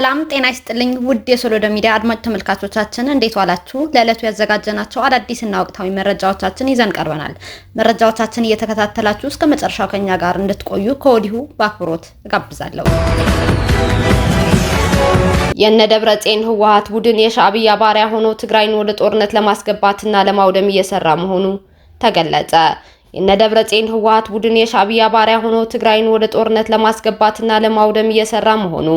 ሰላም ጤና ይስጥልኝ ውድ የሶሎዳ ሚዲያ አድማጭ ተመልካቾቻችን እንዴት ዋላችሁ? ለዕለቱ ያዘጋጀናቸው አዳዲስና ወቅታዊ መረጃዎቻችን ይዘን ቀርበናል። መረጃዎቻችን እየተከታተላችሁ እስከ መጨረሻው ከኛ ጋር እንድትቆዩ ከወዲሁ በአክብሮት እጋብዛለሁ። የነ ደብረ ጽዮን ህወሓት ቡድን የሻዕቢያ ባሪያ ሆኖ ትግራይን ወደ ጦርነት ለማስገባትና ለማውደም እየሰራ መሆኑ ተገለጸ። የነደብረጽዮን ህወሓት ቡድን የሻቢያ ባሪያ ሆኖ ትግራይን ወደ ጦርነት ለማስገባትና ለማውደም እየሰራ መሆኑ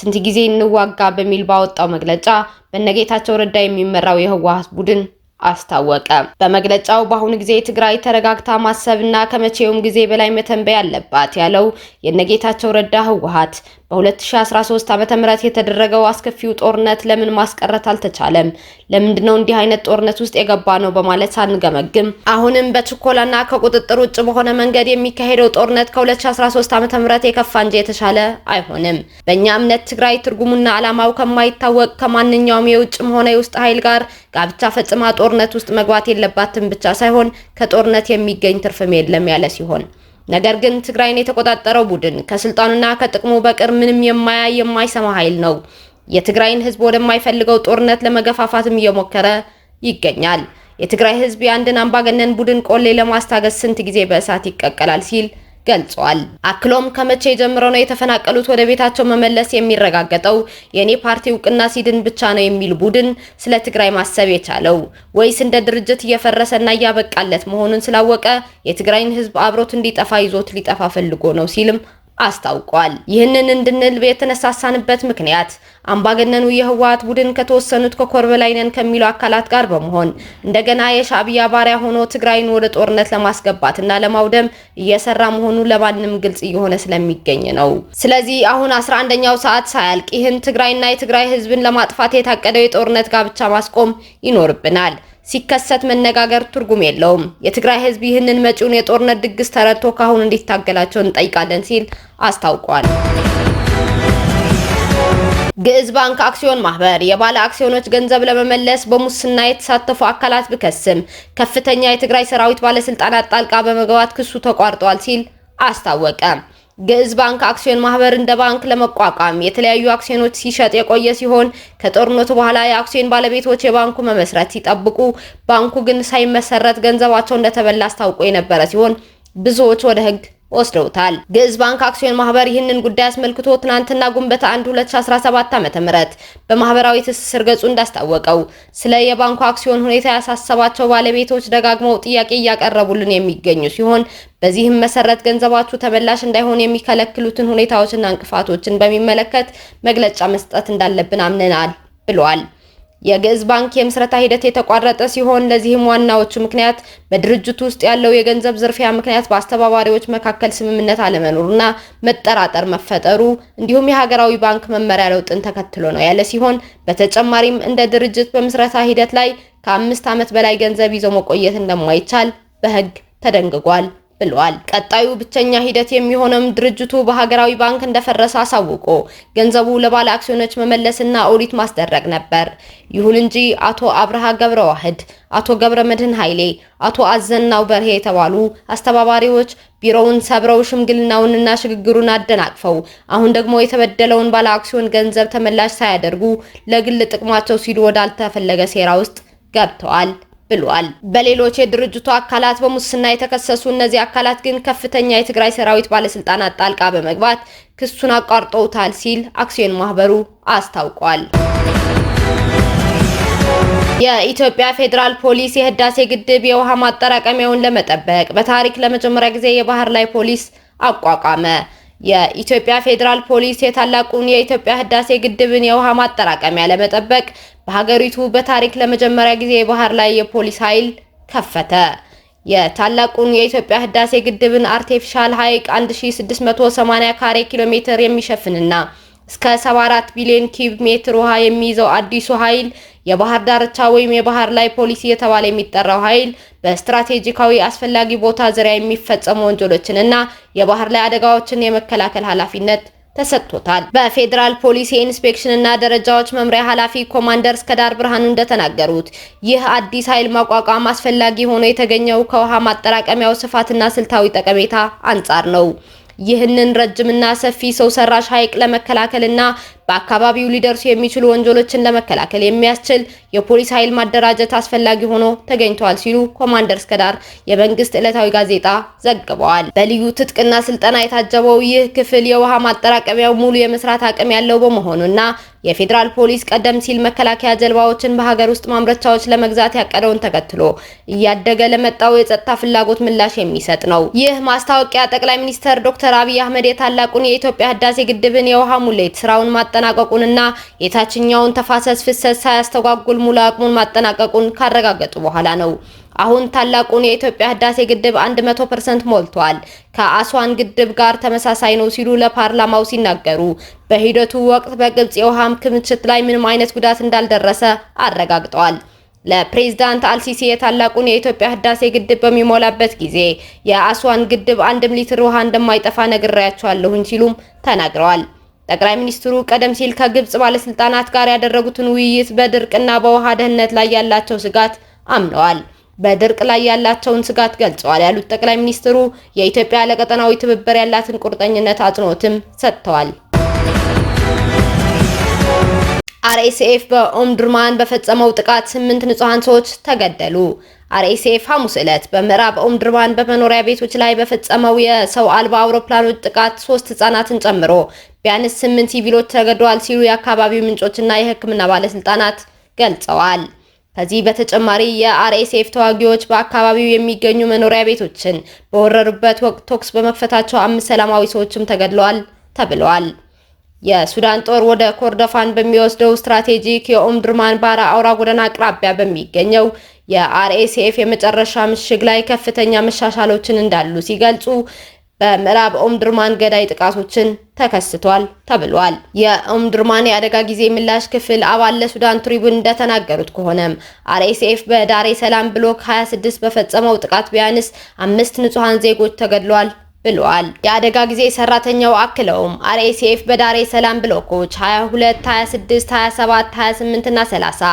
ስንት ጊዜ እንዋጋ በሚል ባወጣው መግለጫ በነጌታቸው ረዳ የሚመራው የህወሓት ቡድን አስታወቀ። በመግለጫው በአሁኑ ጊዜ ትግራይ ተረጋግታ ማሰብና ከመቼውም ጊዜ በላይ መተንበይ አለባት ያለው የነጌታቸው ረዳ ህወሓት በ2013 ም የተደረገው አስከፊው ጦርነት ለምን ማስቀረት አልተቻለም? ለምንድነው ነው እንዲህ አይነት ጦርነት ውስጥ የገባ ነው? በማለት ሳንገመግም አሁንም በችኮላና ከቁጥጥር ውጭ በሆነ መንገድ የሚካሄደው ጦርነት ከ2013 ዓ.ም የከፋ እንጂ የተሻለ አይሆንም። በእኛ እምነት ትግራይ ትርጉሙና ዓላማው ከማይታወቅ ከማንኛውም የውጭም ሆነ የውስጥ ኃይል ጋር ጋብቻ ፈጽማ ጦርነት ውስጥ መግባት የለባትም ብቻ ሳይሆን ከጦርነት የሚገኝ ትርፍም የለም ያለ ሲሆን ነገር ግን ትግራይን የተቆጣጠረው ቡድን ከስልጣኑና ከጥቅሙ በቀር ምንም የማያይ የማይሰማ ኃይል ነው። የትግራይን ህዝብ ወደማይፈልገው ጦርነት ለመገፋፋትም እየሞከረ ይገኛል። የትግራይ ህዝብ የአንድን አምባገነን ቡድን ቆሌ ለማስታገስ ስንት ጊዜ በእሳት ይቀቀላል ሲል ገልጸዋል። አክሎም ከመቼ ጀምሮ ነው የተፈናቀሉት ወደ ቤታቸው መመለስ የሚረጋገጠው የእኔ ፓርቲ እውቅና ሲድን ብቻ ነው የሚል ቡድን ስለ ትግራይ ማሰብ የቻለው ወይስ እንደ ድርጅት እየፈረሰና እያበቃለት መሆኑን ስላወቀ የትግራይን ህዝብ አብሮት እንዲጠፋ ይዞት ሊጠፋ ፈልጎ ነው ሲልም አስታውቋል። ይህንን እንድንል የተነሳሳንበት ምክንያት አምባገነኑ የህወሓት ቡድን ከተወሰኑት ከኮርበላይነን ከሚሉ አካላት ጋር በመሆን እንደገና የሻዕቢያ ባሪያ ሆኖ ትግራይን ወደ ጦርነት ለማስገባትና ለማውደም እየሰራ መሆኑ ለማንም ግልጽ እየሆነ ስለሚገኝ ነው። ስለዚህ አሁን 11ኛው ሰዓት ሳያልቅ ይህን ትግራይና የትግራይ ህዝብን ለማጥፋት የታቀደው የጦርነት ጋብቻ ማስቆም ይኖርብናል። ሲከሰት መነጋገር ትርጉም የለውም። የትግራይ ህዝብ ይህንን መጪውን የጦርነት ድግስ ተረድቶ ካሁን እንዲታገላቸው እንጠይቃለን ሲል አስታውቋል። ግዕዝ ባንክ አክሲዮን ማህበር የባለ አክሲዮኖች ገንዘብ ለመመለስ በሙስና የተሳተፉ አካላት ብከስም ከፍተኛ የትግራይ ሰራዊት ባለስልጣናት ጣልቃ በመግባት ክሱ ተቋርጧል ሲል አስታወቀ። ግዕዝ ባንክ አክሲዮን ማህበር እንደ ባንክ ለመቋቋም የተለያዩ አክሲዮኖች ሲሸጥ የቆየ ሲሆን ከጦርነቱ በኋላ የአክሲዮን ባለቤቶች የባንኩ መመስረት ሲጠብቁ፣ ባንኩ ግን ሳይመሰረት ገንዘባቸው እንደተበላ አስታውቆ የነበረ ሲሆን ብዙዎች ወደ ህግ ወስደውታል። ግዕዝ ባንክ አክሲዮን ማህበር ይህንን ጉዳይ አስመልክቶ ትናንትና ግንቦት 1 2017 ዓ.ም በማህበራዊ ትስስር ገጹ እንዳስታወቀው ስለ የባንኩ አክሲዮን ሁኔታ ያሳሰባቸው ባለቤቶች ደጋግመው ጥያቄ እያቀረቡልን የሚገኙ ሲሆን በዚህም መሰረት ገንዘባችሁ ተመላሽ እንዳይሆን የሚከለክሉትን ሁኔታዎችና እንቅፋቶችን በሚመለከት መግለጫ መስጠት እንዳለብን አምነናል ብሏል። የግዕዝ ባንክ የምስረታ ሂደት የተቋረጠ ሲሆን ለዚህም ዋናዎቹ ምክንያት በድርጅቱ ውስጥ ያለው የገንዘብ ዝርፊያ ምክንያት በአስተባባሪዎች መካከል ስምምነት አለመኖሩና መጠራጠር መፈጠሩ እንዲሁም የሀገራዊ ባንክ መመሪያ ለውጥን ተከትሎ ነው ያለ ሲሆን በተጨማሪም እንደ ድርጅት በምስረታ ሂደት ላይ ከአምስት ዓመት በላይ ገንዘብ ይዞ መቆየት እንደማይቻል በሕግ ተደንግጓል። ብሏል። ቀጣዩ ብቸኛ ሂደት የሚሆነም ድርጅቱ በሀገራዊ ባንክ እንደፈረሰ አሳውቆ ገንዘቡ ለባለ አክሲዮኖች መመለስና ኦዲት ማስደረግ ነበር። ይሁን እንጂ አቶ አብርሃ ገብረ ዋህድ፣ አቶ ገብረ መድህን ኃይሌ፣ አቶ አዘናው በርሄ የተባሉ አስተባባሪዎች ቢሮውን ሰብረው ሽምግልናውንና ሽግግሩን አደናቅፈው አሁን ደግሞ የተበደለውን ባለ አክሲዮን ገንዘብ ተመላሽ ሳያደርጉ ለግል ጥቅማቸው ሲሉ ወዳልተፈለገ ሴራ ውስጥ ገብተዋል። ብሏል። በሌሎች የድርጅቱ አካላት በሙስና የተከሰሱ እነዚህ አካላት ግን ከፍተኛ የትግራይ ሰራዊት ባለስልጣናት ጣልቃ በመግባት ክሱን አቋርጠውታል ሲል አክሲዮን ማህበሩ አስታውቋል። የኢትዮጵያ ፌዴራል ፖሊስ የህዳሴ ግድብ የውሃ ማጠራቀሚያውን ለመጠበቅ በታሪክ ለመጀመሪያ ጊዜ የባህር ላይ ፖሊስ አቋቋመ። የኢትዮጵያ ፌዴራል ፖሊስ የታላቁን የኢትዮጵያ ህዳሴ ግድብን የውሃ ማጠራቀሚያ ለመጠበቅ በሀገሪቱ በታሪክ ለመጀመሪያ ጊዜ የባህር ላይ የፖሊስ ኃይል ከፈተ። የታላቁን የኢትዮጵያ ህዳሴ ግድብን አርቴፊሻል ሐይቅ 1680 ካሬ ኪሎ ሜትር የሚሸፍንና እስከ 74 ቢሊዮን ኪዩብ ሜትር ውሃ የሚይዘው አዲሱ ኃይል የባህር ዳርቻ ወይም የባህር ላይ ፖሊሲ የተባለ የሚጠራው ኃይል በስትራቴጂካዊ አስፈላጊ ቦታ ዙሪያ የሚፈጸሙ ወንጀሎችን የባህር ላይ አደጋዎችን የመከላከል ኃላፊነት ተሰጥቶታል። በፌዴራል ፖሊስ የኢንስፔክሽንና ደረጃዎች መምሪያ ኃላፊ ኮማንደር እስከዳር ብርሃኑ እንደተናገሩት ይህ አዲስ ኃይል ማቋቋም አስፈላጊ ሆኖ የተገኘው ከውሃ ማጠራቀሚያው ስፋትና ስልታዊ ጠቀሜታ አንጻር ነው። ይህንን ረጅምና ሰፊ ሰው ሰራሽ ሐይቅ ለመከላከልና በአካባቢው ሊደርሱ የሚችሉ ወንጀሎችን ለመከላከል የሚያስችል የፖሊስ ኃይል ማደራጀት አስፈላጊ ሆኖ ተገኝቷል ሲሉ ኮማንደር እስከዳር የመንግስት ዕለታዊ ጋዜጣ ዘግበዋል። በልዩ ትጥቅና ስልጠና የታጀበው ይህ ክፍል የውሃ ማጠራቀሚያው ሙሉ የመስራት አቅም ያለው በመሆኑና የፌዴራል ፖሊስ ቀደም ሲል መከላከያ ጀልባዎችን በሀገር ውስጥ ማምረቻዎች ለመግዛት ያቀደውን ተከትሎ እያደገ ለመጣው የጸጥታ ፍላጎት ምላሽ የሚሰጥ ነው። ይህ ማስታወቂያ ጠቅላይ ሚኒስትር ዶክተር አብይ አህመድ የታላቁን የኢትዮጵያ ህዳሴ ግድብን የውሃ ሙሌት ስራውን ማጠ ማጠናቀቁንና የታችኛውን ተፋሰስ ፍሰት ሳያስተጓጉል ሙሉ አቅሙን ማጠናቀቁን ካረጋገጡ በኋላ ነው። አሁን ታላቁን የኢትዮጵያ ህዳሴ ግድብ 100% ሞልቷል፣ ከአስዋን ግድብ ጋር ተመሳሳይ ነው ሲሉ ለፓርላማው ሲናገሩ በሂደቱ ወቅት በግብጽ የውሃም ክምችት ላይ ምንም አይነት ጉዳት እንዳልደረሰ አረጋግጠዋል። ለፕሬዝዳንት አልሲሲ የታላቁን የኢትዮጵያ ህዳሴ ግድብ በሚሞላበት ጊዜ የአስዋን ግድብ አንድም ሊትር ውሃ እንደማይጠፋ ነግሬያቸዋለሁኝ ሲሉም ተናግረዋል። ጠቅላይ ሚኒስትሩ ቀደም ሲል ከግብጽ ባለስልጣናት ጋር ያደረጉትን ውይይት በድርቅና በውሃ ደህንነት ላይ ያላቸው ስጋት አምነዋል። በድርቅ ላይ ያላቸውን ስጋት ገልጸዋል ያሉት ጠቅላይ ሚኒስትሩ የኢትዮጵያ ለቀጠናዊ ትብብር ያላትን ቁርጠኝነት አጽንኦትም ሰጥተዋል። አርኤስኤፍ በኦምዱርማን በፈጸመው ጥቃት ስምንት ንጹሐን ሰዎች ተገደሉ። አርኤስኤፍ ሐሙስ ዕለት በምዕራብ ኦምዱርማን በመኖሪያ ቤቶች ላይ በፈጸመው የሰው አልባ አውሮፕላኖች ጥቃት ሶስት ህጻናትን ጨምሮ ቢያንስ ስምንት ሲቪሎች ተገድለዋል ሲሉ የአካባቢው ምንጮችና የሕክምና ባለስልጣናት ገልጸዋል። ከዚህ በተጨማሪ የአርኤስኤፍ ተዋጊዎች በአካባቢው የሚገኙ መኖሪያ ቤቶችን በወረሩበት ወቅት ተኩስ በመክፈታቸው አምስት ሰላማዊ ሰዎችም ተገድለዋል ተብለዋል። የሱዳን ጦር ወደ ኮርዶፋን በሚወስደው ስትራቴጂክ የኦምድርማን ባራ አውራ ጎዳና አቅራቢያ በሚገኘው የአርኤስኤፍ የመጨረሻ ምሽግ ላይ ከፍተኛ መሻሻሎችን እንዳሉ ሲገልጹ በምዕራብ ኦምድርማን ገዳይ ጥቃቶችን ተከስቷል ተብሏል። የኦምድርማን የአደጋ ጊዜ ምላሽ ክፍል አባል ለሱዳን ትሪቡን እንደተናገሩት ከሆነም አርኤስኤፍ በዳሬ ሰላም ብሎክ 26 በፈጸመው ጥቃት ቢያንስ አምስት ንጹሐን ዜጎች ተገድሏል ብለዋል። የአደጋ ጊዜ ሰራተኛው አክለውም አርኤስኤፍ በዳሬ ሰላም ብሎኮች 22፣ 26፣ 27፣ 28 እና 30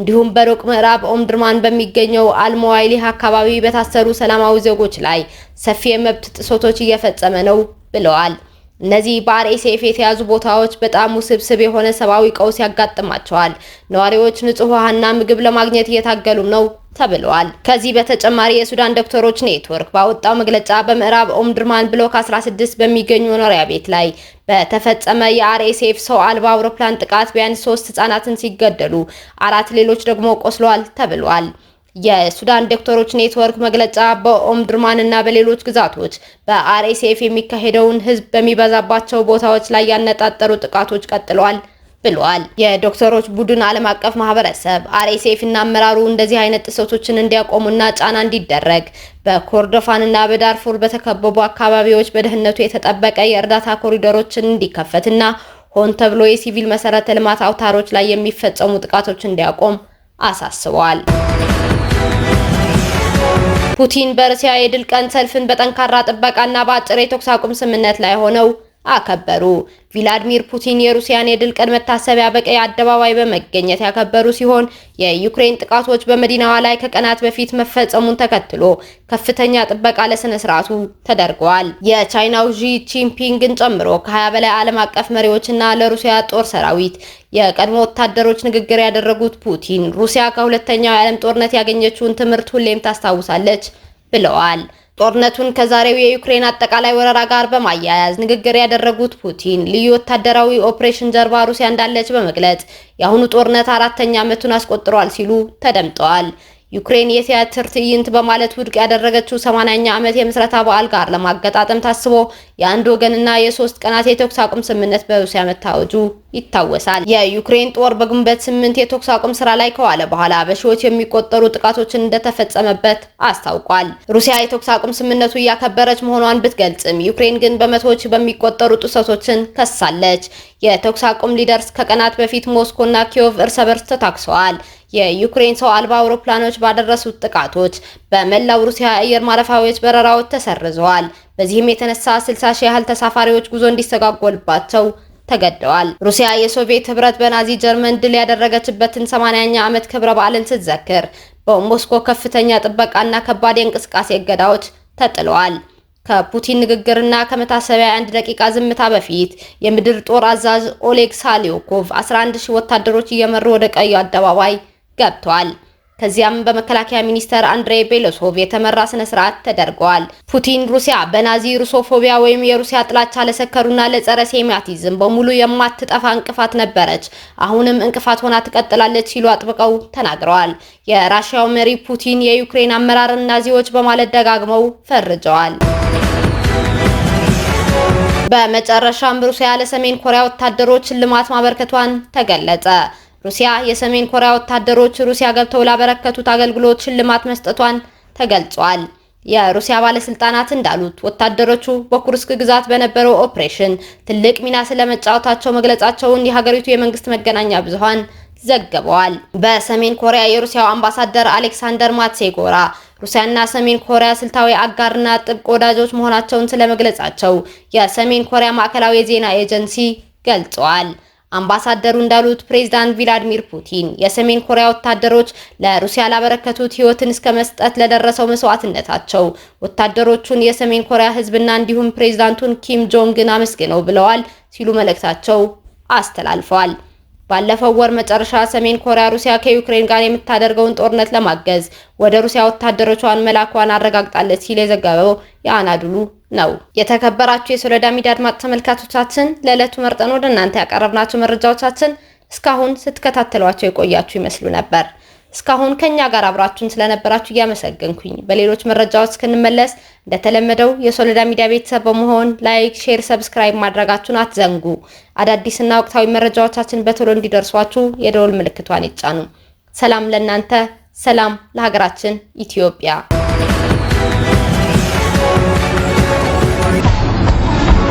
እንዲሁም በሩቅ ምዕራብ ኦምድርማን በሚገኘው አልሞዋይሊህ አካባቢ በታሰሩ ሰላማዊ ዜጎች ላይ ሰፊ የመብት ጥሰቶች እየፈጸመ ነው ብለዋል። እነዚህ በአርኤስኤፍ የተያዙ ቦታዎች በጣም ውስብስብ የሆነ ሰብአዊ ቀውስ ያጋጥማቸዋል። ነዋሪዎች ንጹህ ውሃና ምግብ ለማግኘት እየታገሉም ነው ተብለዋል። ከዚህ በተጨማሪ የሱዳን ዶክተሮች ኔትወርክ ባወጣው መግለጫ በምዕራብ ኦምድርማን ብሎክ 16 በሚገኙ መኖሪያ ቤት ላይ በተፈጸመ የአርኤስኤፍ ሰው አልባ አውሮፕላን ጥቃት ቢያንስ ሶስት ህጻናትን ሲገደሉ አራት ሌሎች ደግሞ ቆስለዋል ተብሏል። የሱዳን ዶክተሮች ኔትወርክ መግለጫ በኦምድርማን እና በሌሎች ግዛቶች በአርኤስኤፍ የሚካሄደውን ህዝብ በሚበዛባቸው ቦታዎች ላይ ያነጣጠሩ ጥቃቶች ቀጥለዋል ብለዋል። የዶክተሮች ቡድን ዓለም አቀፍ ማህበረሰብ አርኤስኤፍ እና አመራሩ እንደዚህ አይነት ጥሰቶችን እንዲያቆሙና ጫና እንዲደረግ በኮርዶፋን እና በዳርፉር በተከበቡ አካባቢዎች በደህንነቱ የተጠበቀ የእርዳታ ኮሪደሮችን እንዲከፈትና ሆን ተብሎ የሲቪል መሰረተ ልማት አውታሮች ላይ የሚፈጸሙ ጥቃቶች እንዲያቆም አሳስበዋል። ፑቲን በርሲያ የድል ቀን ሰልፍን በጠንካራ ጥበቃና በአጭር የተኩስ አቁም ስምምነት ላይ ሆነው አከበሩ። ቪላዲሚር ፑቲን የሩሲያን የድል ቀን መታሰቢያ በቀይ አደባባይ በመገኘት ያከበሩ ሲሆን የዩክሬን ጥቃቶች በመዲናዋ ላይ ከቀናት በፊት መፈጸሙን ተከትሎ ከፍተኛ ጥበቃ ለስነ ስርዓቱ ተደርገዋል። የቻይናው ዢ ቺንፒንግን ጨምሮ ከ20 በላይ ዓለም አቀፍ መሪዎችና ለሩሲያ ጦር ሰራዊት የቀድሞ ወታደሮች ንግግር ያደረጉት ፑቲን ሩሲያ ከሁለተኛው የዓለም ጦርነት ያገኘችውን ትምህርት ሁሌም ታስታውሳለች ብለዋል። ጦርነቱን ከዛሬው የዩክሬን አጠቃላይ ወረራ ጋር በማያያዝ ንግግር ያደረጉት ፑቲን ልዩ ወታደራዊ ኦፕሬሽን ጀርባ ሩሲያ እንዳለች በመግለጽ የአሁኑ ጦርነት አራተኛ ዓመቱን አስቆጥሯል ሲሉ ተደምጠዋል። ዩክሬን የቲያትር ትዕይንት በማለት ውድቅ ያደረገችው 80ኛ ዓመት የምስረታ በዓል ጋር ለማገጣጠም ታስቦ የአንድ ወገንና የሶስት ቀናት የተኩስ አቁም ስምምነት በሩሲያ መታወጁ ይታወሳል። የዩክሬን ጦር በግንቦት ስምንት የተኩስ አቁም ስራ ላይ ከዋለ በኋላ በሺዎች የሚቆጠሩ ጥቃቶችን እንደተፈጸመበት አስታውቋል። ሩሲያ የተኩስ አቁም ስምምነቱ እያከበረች መሆኗን ብትገልጽም ዩክሬን ግን በመቶዎች በሚቆጠሩ ጥሰቶችን ከሳለች። የተኩስ አቁም ሊደርስ ከቀናት በፊት ሞስኮና ኪዮቭ እርስ በርስ ተታክሰዋል። የዩክሬን ሰው አልባ አውሮፕላኖች ባደረሱት ጥቃቶች በመላው ሩሲያ አየር ማረፊያዎች በረራዎች ተሰርዘዋል። በዚህም የተነሳ 60 ሺህ ያህል ተሳፋሪዎች ጉዞ እንዲስተጓጎልባቸው ተገደዋል። ሩሲያ የሶቪየት ህብረት በናዚ ጀርመን ድል ያደረገችበትን 80ኛ ዓመት ክብረ በዓልን ስትዘክር በሞስኮ ከፍተኛ ጥበቃና ከባድ የእንቅስቃሴ እገዳዎች ተጥለዋል። ከፑቲን ንግግርና ከመታሰቢያ አንድ ደቂቃ ዝምታ በፊት የምድር ጦር አዛዥ ኦሌግ ሳሊዮኮቭ 11 ሺህ ወታደሮች እየመሩ ወደ ቀዩ አደባባይ ገብተዋል። ከዚያም በመከላከያ ሚኒስተር አንድሬ ቤሎሶቭ የተመራ ስነ ስርዓት ተደርገዋል። ፑቲን ሩሲያ በናዚ ሩሶፎቢያ ወይም የሩሲያ ጥላቻ ለሰከሩና ለጸረ ሴሚያቲዝም በሙሉ የማትጠፋ እንቅፋት ነበረች፣ አሁንም እንቅፋት ሆና ትቀጥላለች ሲሉ አጥብቀው ተናግረዋል። የራሽያው መሪ ፑቲን የዩክሬን አመራርን ናዚዎች በማለት ደጋግመው ፈርጀዋል። በመጨረሻም ሩሲያ ለሰሜን ኮሪያ ወታደሮች ሽልማት ማበርከቷን ተገለጸ። ሩሲያ የሰሜን ኮሪያ ወታደሮች ሩሲያ ገብተው ላበረከቱት አገልግሎት ሽልማት መስጠቷን ተገልጿል። የሩሲያ ባለስልጣናት እንዳሉት ወታደሮቹ በኩርስክ ግዛት በነበረው ኦፕሬሽን ትልቅ ሚና ስለመጫወታቸው መግለጻቸውን የሀገሪቱ የመንግስት መገናኛ ብዙሃን ዘግበዋል። በሰሜን ኮሪያ የሩሲያው አምባሳደር አሌክሳንደር ማትሴጎራ ሩሲያና ሰሜን ኮሪያ ስልታዊ አጋርና ጥብቅ ወዳጆች መሆናቸውን ስለመግለጻቸው የሰሜን ኮሪያ ማዕከላዊ የዜና ኤጀንሲ ገልጸዋል። አምባሳደሩ እንዳሉት ፕሬዝዳንት ቪላዲሚር ፑቲን የሰሜን ኮሪያ ወታደሮች ለሩሲያ ላበረከቱት ሕይወትን እስከ መስጠት ለደረሰው መስዋዕትነታቸው ወታደሮቹን፣ የሰሜን ኮሪያ ሕዝብና እንዲሁም ፕሬዝዳንቱን ኪም ጆንግን አመስግነው ብለዋል ሲሉ መልእክታቸው አስተላልፈዋል። ባለፈው ወር መጨረሻ ሰሜን ኮሪያ ሩሲያ ከዩክሬን ጋር የምታደርገውን ጦርነት ለማገዝ ወደ ሩሲያ ወታደሮቿን መላኳን አረጋግጣለች ሲል የዘገበው የአናዱሉ ነው። የተከበራችሁ የሶሎዳ ሚዲያ አድማጭ ተመልካቾቻችን ለዕለቱ መርጠን ወደ እናንተ ያቀረብናቸው መረጃዎቻችን እስካሁን ስትከታተሏቸው የቆያችሁ ይመስሉ ነበር። እስካሁን ከኛ ጋር አብራችሁን ስለነበራችሁ እያመሰገንኩኝ በሌሎች መረጃዎች እስክንመለስ እንደተለመደው የሶለዳ ሚዲያ ቤተሰብ በመሆን ላይክ፣ ሼር፣ ሰብስክራይብ ማድረጋችሁን አትዘንጉ። አዳዲስና ወቅታዊ መረጃዎቻችን በቶሎ እንዲደርሷችሁ የደወል ምልክቷን ይጫኑ። ሰላም ለእናንተ፣ ሰላም ለሀገራችን ኢትዮጵያ።